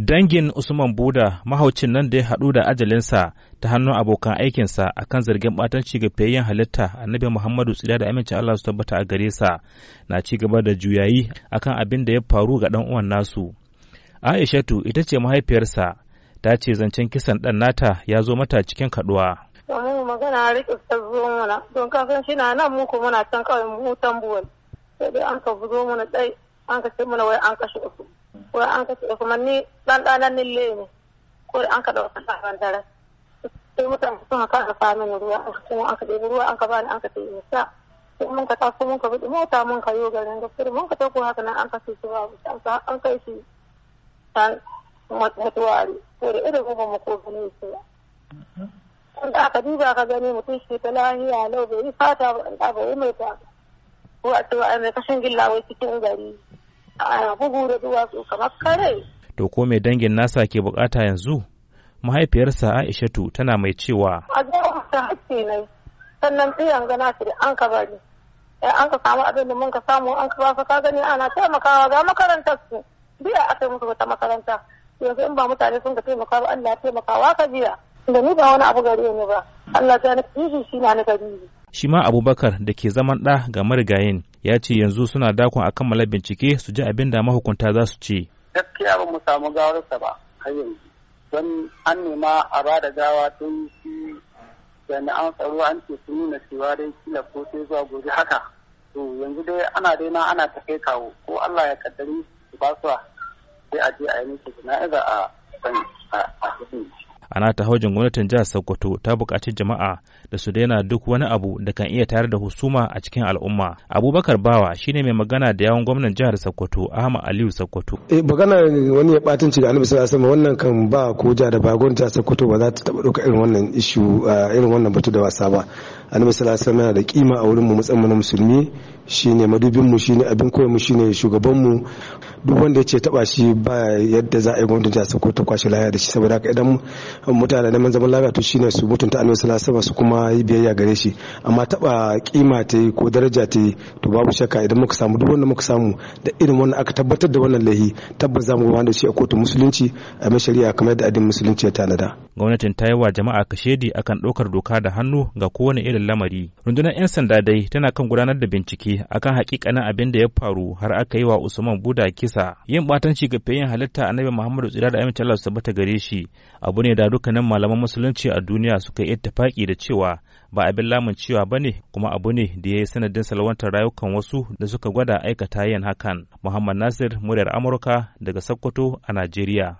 Dangin Usman Buda mahaucin nan da ya haɗu da ajalinsa ta hannun abokan aikinsa a kan zargin ɓatanci ga fiyayyen halitta annabi Muhammadu tsira da amincin Allah su tabbata a gare sa na ci da juyayi a kan abin da ya faru ga ɗan uwan nasu. Aishatu ita ce mahaifiyarsa ta ce zancen kisan ɗan nata ya zo mata cikin kaɗuwa. don shi na nan muku muna can kawai mu sai dai an ka zo mana an ka ce wai an kashe uku wai dan ɗanan nille ne ko an ka ɗauka a ran daren sai mutane sun haka da fa mini ruwa kuma aka ɗebi ruwa an ka bani an ka ɗebi sa sai mun ka taso mun ka buɗe mota mun ka yo garin gaskiya mun ka tako haka nan an ka sai babu an kai shi san mutuwari ko da irin ba mu ko gani shi ba da aka duba ka gani mutum shi ta lahiya lau bai yi fata ba da bai yi mai ta ko a cewa ai mai kashin gilla wai cikin gari a bugu da duwatsu kamar kare to ko mai dangin nasa ke bukata yanzu mahaifiyarsa aishatu tana mai cewa a zo mutum hakki ne sannan biyan gana shi an ka bari eh, an ka samu abin da mun ka samu an ka ba ka gani ana taimakawa ga makarantar su biya aka yi musu wata makaranta yanzu in ba mutane sun ka taimaka ba Allah ya taimaka ka biya da ni ba wani abu gare ni ba Allah ya nufi shi na gari shi ma Abubakar da ke zaman ɗa ga marigayin ya ce yanzu suna dakon a kammala bincike su ji abin da mahukunta za su ce gaskiya ba mu samu gawarsa ba har yanzu don an nema a ba da gawa tun shi jami'an tsaro an ce sun nuna cewa dai kila ko sai zuwa gobe haka to yanzu dai ana daina ana ta kai kawo ko Allah ya kaddari ba su sai a je a yi miki jana'iza a a cikin ana ta haujin gwamnatin jihar sokoto ta buƙaci jama'a da su daina duk wani abu da kan iya tayar da husuma a cikin al'umma abubakar bawa shine mai magana da yawon gwamnan jihar sokoto ahmad aliyu sokoto eh magana wani ya ci ga annabi sallallahu alaihi wannan kan ba ko da bagon jihar sokoto ba za ta taɓa ɗauka irin wannan issue ah, irin wannan batu da wasa ba annabi sallallahu alaihi wasallam da kima a wurin mu musamman musulmi shine madubin mu shine abin koyar mu shine shugaban mu duk wanda ya ce taba shi ba yadda za a yi gwamnati ta ko ta kwashe laya da shi saboda haka idan mutane neman zaman lafiya to shine su mutunta annabi sallallahu alaihi wasallam su kuma yi biyayya gare shi amma taba kima ta yi ko daraja ta yi to babu shakka idan muka samu duk wanda muka samu da irin wannan aka tabbatar da wannan lahi tabbas za mu da shi a kotun musulunci a mai shari'a kamar yadda addinin musulunci ya tanada gwamnatin ta yi wa jama'a kashedi akan ɗaukar doka da hannu ga kowane irin lamari rundunar 'yan sanda dai tana kan gudanar da bincike akan hakikanin abin da ya faru har aka yi wa usman buda kisa yin batanci ga fayin halitta annabi muhammadu tsira da amince allah su tabbata gare shi abu ne da dukkanin malaman musulunci a duniya suka yi tafaki da cewa ba abin lamun cewa ba ne kuma abu ne da ya yi sanadin salwantar rayukan wasu da suka gwada aikata yin hakan muhammad nasir muryar amurka daga sokoto a najeriya